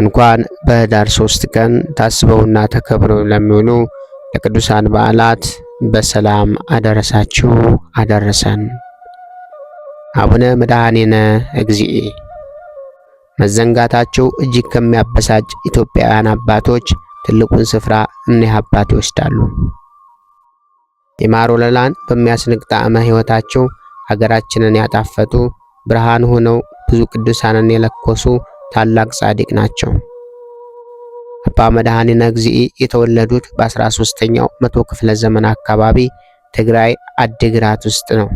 እንኳን በኅዳር ሶስት ቀን ታስበውና ተከብረው ለሚውሉ ለቅዱሳን በዓላት በሰላም አደረሳችሁ አደረሰን። አቡነ መድኃኔነ እግዚእ መዘንጋታቸው እጅግ ከሚያበሳጭ ኢትዮጵያውያን አባቶች ትልቁን ስፍራ እኒህ አባት ይወስዳሉ። የማር ወለላን በሚያስንቅ ጣዕመ ሕይወታቸው ሀገራችንን ያጣፈጡ ብርሃን ሆነው ብዙ ቅዱሳንን የለኮሱ ታላቅ ጻድቅ ናቸው። አባ መድኃኒነ እግዚእ የተወለዱት በ13ኛው መቶ ክፍለ ዘመን አካባቢ ትግራይ አድግራት ውስጥ ነው።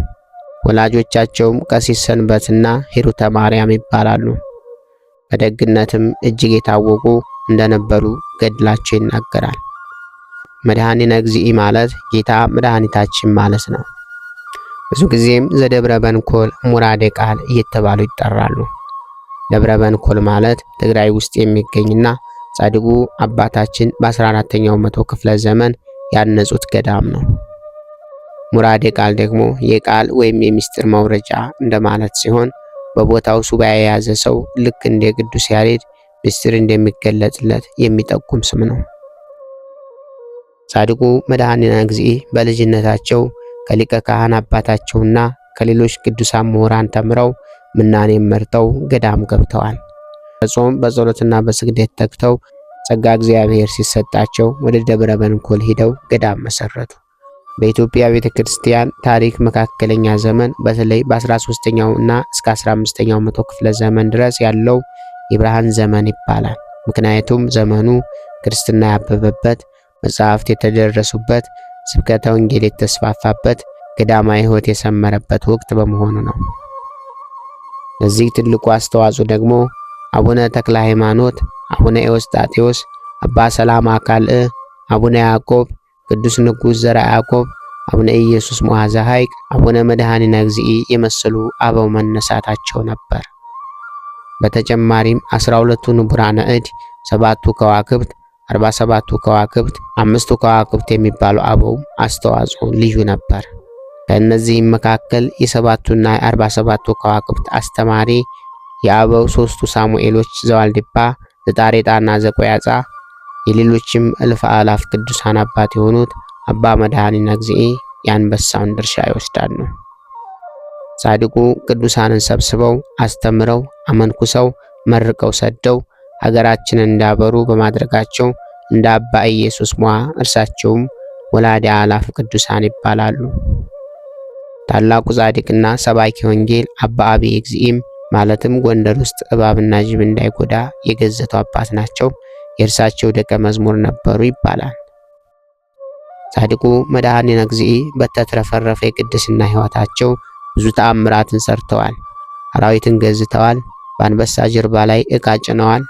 ወላጆቻቸውም ቀሲስ ሰንበትና ሂሩተ ማርያም ይባላሉ። በደግነትም እጅግ የታወቁ እንደነበሩ ገድላቸው ይናገራል። መድኃኒነ እግዚእ ማለት ጌታ መድኃኒታችን ማለት ነው። ብዙ ጊዜም ዘደብረ በንኮል ሙራዴ ቃል እየተባሉ ይጠራሉ። ደብረ በንኮል ማለት ትግራይ ውስጥ የሚገኝና ጻድቁ አባታችን በ14ኛው መቶ ክፍለ ዘመን ያነጹት ገዳም ነው። ሙራዴ ቃል ደግሞ የቃል ወይም የሚስጥር መውረጃ እንደማለት ሲሆን በቦታው ሱባኤ የያዘ ሰው ልክ እንደ ቅዱስ ያሬድ ምስጢር እንደሚገለጽለት የሚጠቁም ስም ነው። ጻድቁ መድኃኒነ እግዚእ በልጅነታቸው ከሊቀ ካህን አባታቸውና ከሌሎች ቅዱሳን ምሁራን ተምረው ምናኔም መርጠው ገዳም ገብተዋል። በጾም በጸሎትና በስግደት ተግተው ጸጋ እግዚአብሔር ሲሰጣቸው ወደ ደብረ በንኮል ሂደው ገዳም መሰረቱ። በኢትዮጵያ ቤተ ክርስቲያን ታሪክ መካከለኛ ዘመን በተለይ በ13ኛው እና እስከ 15ኛው መቶ ክፍለ ዘመን ድረስ ያለው የብርሃን ዘመን ይባላል። ምክንያቱም ዘመኑ ክርስትና ያበበበት፣ መጻሕፍት የተደረሱበት፣ ስብከተ ወንጌል የተስፋፋበት፣ ገዳማዊ ሕይወት የሰመረበት ወቅት በመሆኑ ነው። ለዚህ ትልቁ አስተዋጽኦ ደግሞ አቡነ ተክለ ሃይማኖት፣ አቡነ ኤዎስጣቴዎስ፣ አባ ሰላማ ካልእ፣ አቡነ ያዕቆብ፣ ቅዱስ ንጉሥ ዘራ ያዕቆብ፣ አቡነ ኢየሱስ መዋዘ ሐይቅ፣ አቡነ መድኃኒነ እግዚእ የመሰሉ አበው መነሳታቸው ነበር። በተጨማሪም 12ቱ ንቡራነ እድ፣ ሰባቱ ከዋክብት አርባ ሰባቱ ከዋክብት፣ አምስቱ ከዋክብት የሚባሉ አበው አስተዋጽኦ ልዩ ነበር። ከእነዚህም መካከል የሰባቱና የ47ቱ ከዋክብት አስተማሪ የአበው ሶስቱ ሳሙኤሎች ዘዋልዲባ፣ ዘጣሬጣና ዘቆያጻ የሌሎችም እልፍ አላፍ ቅዱሳን አባት የሆኑት አባ መድኃኒነ እግዚእ የአንበሳውን ድርሻ ይወስዳሉ። ጻድቁ ቅዱሳንን ሰብስበው አስተምረው አመንኩሰው መርቀው ሰደው ሀገራችንን እንዳበሩ በማድረጋቸው እንደ አባ ኢየሱስ ሟ እርሳቸውም ወላዲ አላፍ ቅዱሳን ይባላሉ። ታላቁ ጻድቅና ሰባኪ ወንጌል አባ አቢ እግዚእም ማለትም ጎንደር ውስጥ እባብና ጅብ እንዳይጎዳ የገዘቱ አባት ናቸው። የእርሳቸው ደቀ መዝሙር ነበሩ ይባላል። ጻድቁ መድኃኔነ እግዚእ በተትረፈረፈ የቅድስና ሕይወታቸው ብዙ ተአምራትን ሰርተዋል። አራዊትን ገዝተዋል። በአንበሳ ጀርባ ላይ ዕቃ ጭነዋል።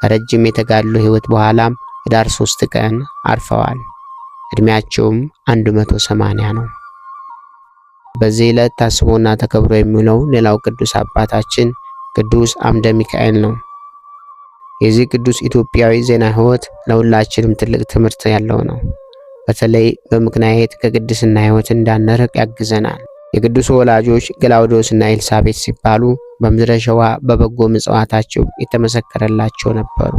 ከረጅም የተጋድሎ ሕይወት በኋላም ኅዳር ሶስት ቀን አርፈዋል። ዕድሜያቸውም 180 ነው። በዚህ ዕለት ታስቦና ተከብሮ የሚውለው ሌላው ቅዱስ አባታችን ቅዱስ አምደ ሚካኤል ነው። የዚህ ቅዱስ ኢትዮጵያዊ ዜና ሕይወት ለሁላችንም ትልቅ ትምህርት ያለው ነው። በተለይ በምክንያት ከቅድስና ሕይወት እንዳንርቅ ያግዘናል። የቅዱስ ወላጆች እና ኤልሳቤት ሲባሉ በምድረ ሸዋ በበጎ ምጽዋታቸው የተመሰከረላቸው ነበሩ።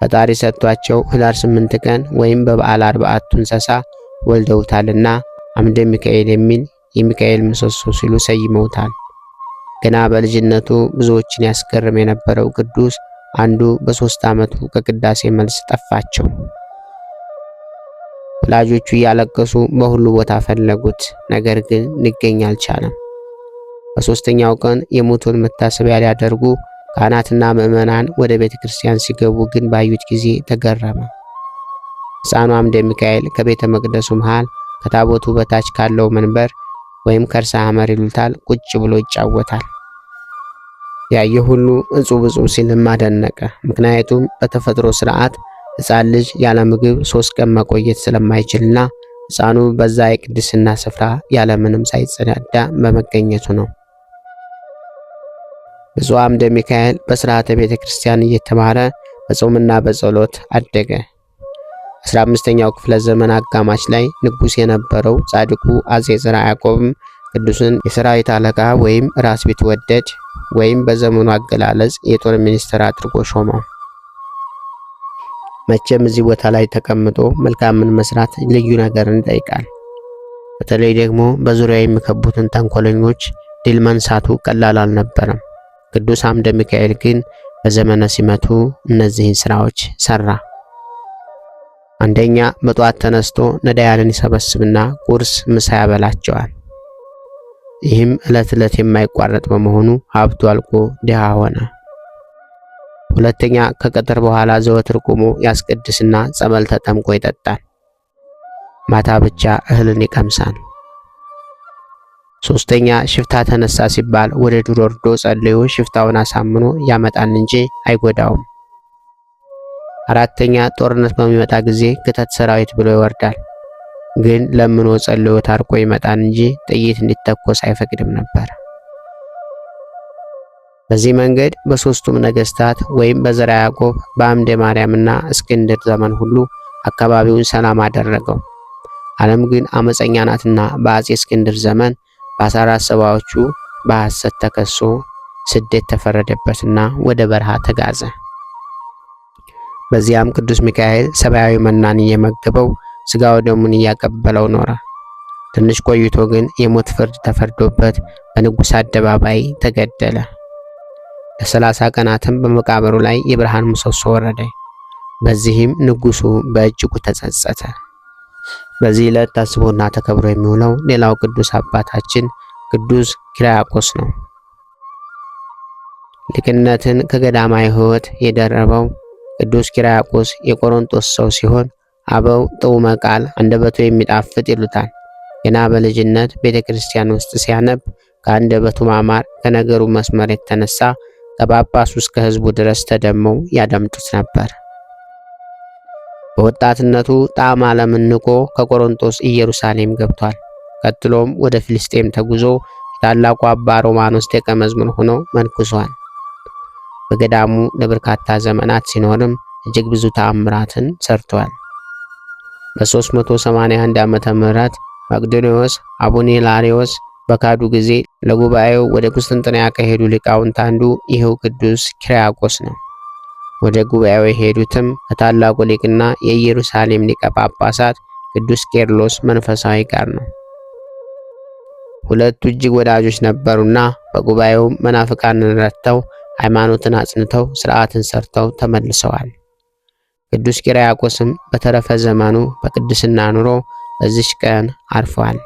ፈጣሪ ሰጥቷቸው ህዳር ስምንት ቀን ወይም በበዓል አርባዕቱ እንስሳ ወልደውታልና አምደ ሚካኤል የሚል የሚካኤል ምሰሶ ሲሉ ሰይመውታል። ገና በልጅነቱ ብዙዎችን ያስገርም የነበረው ቅዱስ አንዱ በሦስት ዓመቱ ከቅዳሴ መልስ ጠፋቸው። ወላጆቹ እያለቀሱ በሁሉ ቦታ ፈለጉት፣ ነገር ግን ሊገኝ አልቻለም። በሦስተኛው ቀን የሞቱን መታሰቢያ ሊያደርጉ ካህናትና ምዕመናን ወደ ቤተ ክርስቲያን ሲገቡ ግን ባዩት ጊዜ ተገረመ። ሕፃኑ አምደ ሚካኤል ከቤተ መቅደሱ መሃል ከታቦቱ በታች ካለው መንበር ወይም ከርሳ አመር ይሉታል ቁጭ ብሎ ይጫወታል። ያየ ሁሉ እጹብ እጹብ ሲልም አደነቀ። ምክንያቱም በተፈጥሮ ስርዓት ህፃን ልጅ ያለ ምግብ ሶስት ቀን መቆየት ስለማይችልና ህፃኑ በዛ የቅድስና ስፍራ ያለምንም ሳይጸዳዳ በመገኘቱ ነው። ብፁዕ አምደ ሚካኤል በስርዓተ ቤተ ክርስቲያን እየተማረ በጾምና በጸሎት አደገ። 15ኛው ክፍለ ዘመን አጋማሽ ላይ ንጉስ የነበረው ጻድቁ አፄ ዘርዓ ያዕቆብም ቅዱስን የሰራዊት አለቃ ወይም ራስ ቢትወደድ ወይም በዘመኑ አገላለጽ የጦር ሚኒስትር አድርጎ ሾመው። መቼም እዚህ ቦታ ላይ ተቀምጦ መልካምን መስራት ልዩ ነገርን ይጠይቃል። በተለይ ደግሞ በዙሪያ የሚከቡትን ተንኮለኞች ድል መንሳቱ ቀላል አልነበረም። ቅዱስ አምደ ሚካኤል ግን በዘመነ ሲመቱ እነዚህን ስራዎች ሰራ። አንደኛ በጠዋት ተነስቶ ነዳያንን ይሰበስብና ቁርስ፣ ምሳ ያበላቸዋል። ይህም ዕለት ዕለት የማይቋረጥ በመሆኑ ሀብቱ አልቆ ድሃ ሆነ። ሁለተኛ ከቀትር በኋላ ዘወትር ቆሞ ያስቀድስና ጸበል ተጠምቆ ይጠጣል። ማታ ብቻ እህልን ይቀምሳል። ሶስተኛ ሽፍታ ተነሳ ሲባል ወደ ዱር ወርዶ ጸልዮ ሽፍታውን አሳምኖ ያመጣል እንጂ አይጎዳውም። አራተኛ ጦርነት በሚመጣ ጊዜ ክተት ሰራዊት ብሎ ይወርዳል። ግን ለምኖ ጸልዮ ታርቆ ይመጣል እንጂ ጥይት እንዲተኮስ አይፈቅድም ነበር። በዚህ መንገድ በሶስቱም ነገስታት ወይም በዘራ ያዕቆብ በአምደ ማርያምና እስክንድር ዘመን ሁሉ አካባቢውን ሰላም አደረገው። ዓለም ግን አመፀኛ ናትና በአፄ እስክንድር ዘመን በአስራ ሰባዎቹ በሐሰት ተከሶ ስደት ተፈረደበትና ወደ በረሃ ተጋዘ። በዚያም ቅዱስ ሚካኤል ሰብአዊ መናን እየመገበው ስጋ ደሙን እያቀበለው ኖረ። ትንሽ ቆይቶ ግን የሞት ፍርድ ተፈርዶበት በንጉሥ አደባባይ ተገደለ። ለሰላሳ ቀናትም በመቃብሩ ላይ የብርሃን ምሰሶ ወረደ። በዚህም ንጉሱ በእጅጉ ተጸጸተ። በዚህ ዕለት ታስቦና ተከብሮ የሚውለው ሌላው ቅዱስ አባታችን ቅዱስ ኪርያቆስ ነው። ልቅነትን ከገዳማዊ ሕይወት የደረበው ቅዱስ ኪርያቆስ የቆሮንቶስ ሰው ሲሆን አበው ጥዑመ ቃል አንደበቱ የሚጣፍጥ ይሉታል። ገና በልጅነት ቤተ ክርስቲያን ውስጥ ሲያነብ ከአንደበቱ ማማር፣ ከነገሩ መስመር የተነሳ ከጳጳሱ እስከ ሕዝቡ ድረስ ተደመው ያዳምጡት ነበር። በወጣትነቱ ጣዕም ዓለምን ንቆ ከቆሮንቶስ ኢየሩሳሌም ገብቷል። ቀጥሎም ወደ ፊልስጤም ተጉዞ የታላቁ አባ ሮማኖስ ደቀ መዝሙር ሆኖ መንኩሷል። በገዳሙ ለበርካታ ዘመናት ሲኖርም እጅግ ብዙ ተአምራትን ሰርቷል። በ381 ዓመተ ምህረት መቅዶኒዎስ አቡነ ላሪዎስ በካዱ ጊዜ ለጉባኤው ወደ ቁስጥንጥንያ ከሄዱ ሊቃውንት አንዱ ይኸው ቅዱስ ኪርያቆስ ነው። ወደ ጉባኤው የሄዱትም ከታላቁ ሊቅና የኢየሩሳሌም ሊቀ ጳጳሳት ቅዱስ ቄርሎስ መንፈሳዊ ጋር ነው። ሁለቱ እጅግ ወዳጆች ነበሩና በጉባኤው መናፍቃንን ረድተው ሃይማኖትን አጽንተው ስርዓትን ሰርተው ተመልሰዋል። ቅዱስ ቂርያቆስም በተረፈ ዘመኑ በቅድስና ኑሮ በዚች ቀን አርፏል።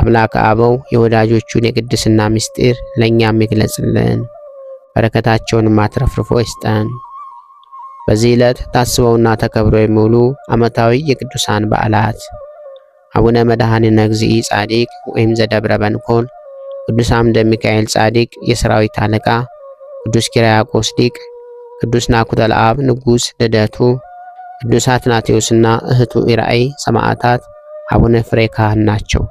አምላክ አበው የወዳጆቹን የቅድስና ምስጢር ለእኛም ይግለጽልን፣ በረከታቸውንም አትረፍርፎ ይስጠን። በዚህ ዕለት ታስበውና ተከብሮ የሚውሉ ዓመታዊ የቅዱሳን በዓላት አቡነ መድኃኒነ እግዚእ ጻዲቅ ወይም ዘደብረ በንኮል፣ ቅዱስ አምደ ሚካኤል ጻዲቅ የሰራዊት አለቃ ቅዱስ ኪርያቆስ ሊቅ፣ ቅዱስ ናኩተ አብ ንጉሥ ልደቱ፣ ቅዱስ አትናቴዎስና እህቱ ኢራኤ ሰማዕታት፣ አቡነ ፍሬ ካህን ናቸው።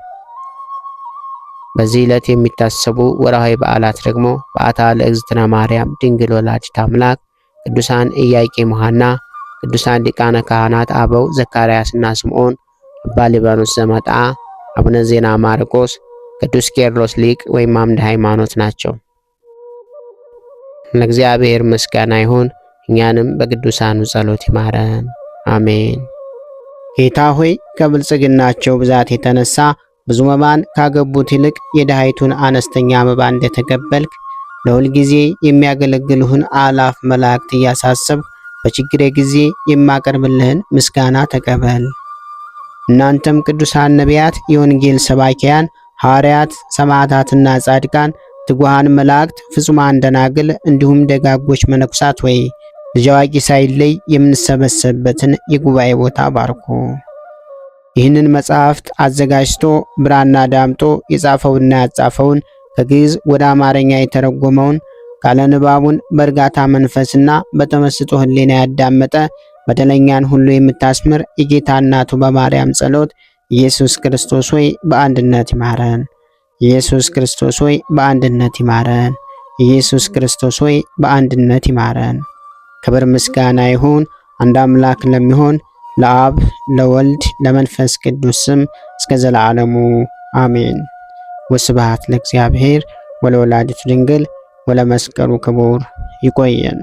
በዚህ ዕለት የሚታሰቡ ወርሃዊ በዓላት ደግሞ በዓታ ለእግዝእትነ ማርያም ድንግል ወላዲተ አምላክ፣ ቅዱሳን ኢያቄም ወሐና፣ ቅዱሳን ሊቃነ ካህናት አበው ዘካርያስና ስምዖን፣ አባ ሊባኖስ ዘመጣ፣ አቡነ ዜና ማርቆስ፣ ቅዱስ ቄርሎስ ሊቅ ወይም አምደ ሃይማኖት ናቸው። ለእግዚአብሔር ምስጋና ይሁን። እኛንም በቅዱሳኑ ጸሎት ይማረን፣ አሜን። ጌታ ሆይ ከብልጽግናቸው ብዛት የተነሳ ብዙ መባን ካገቡት ይልቅ የድሃይቱን አነስተኛ መባ እንደተቀበልክ ለሁል ጊዜ የሚያገለግልህን አላፍ መላእክት እያሳሰብ በችግሬ ጊዜ የማቀርብልህን ምስጋና ተቀበል። እናንተም ቅዱሳን ነቢያት፣ የወንጌል ሰባኪያን ሐዋርያት፣ ሰማዕታትና ጻድቃን ትጉሃን መላእክት፣ ፍጹማን ደናግል እንዲሁም ደጋጎች መነኩሳት ወይ ልጅ አዋቂ ሳይለይ የምንሰበሰብበትን የጉባኤ ቦታ ባርኩ። ይህንን መጽሐፍት አዘጋጅቶ ብራና ዳምጦ የጻፈውና ያጻፈውን ከግዕዝ ወደ አማርኛ የተረጎመውን ቃለ ንባቡን በእርጋታ መንፈስና በተመስጦ ሕሊና ያዳመጠ በደለኛን ሁሉ የምታስምር የጌታ እናቱ በማርያም ጸሎት ኢየሱስ ክርስቶስ ሆይ በአንድነት ይማረን። ኢየሱስ ክርስቶስ ሆይ በአንድነት ይማረን። ኢየሱስ ክርስቶስ ሆይ በአንድነት ይማረን። ክብር ምስጋና ይሁን አንድ አምላክ ለሚሆን ለአብ ለወልድ ለመንፈስ ቅዱስ ስም እስከ ዘለዓለሙ አሜን። ወስብሐት ለእግዚአብሔር ወለወላዲቱ ድንግል ወለመስቀሉ ክቡር። ይቆየን።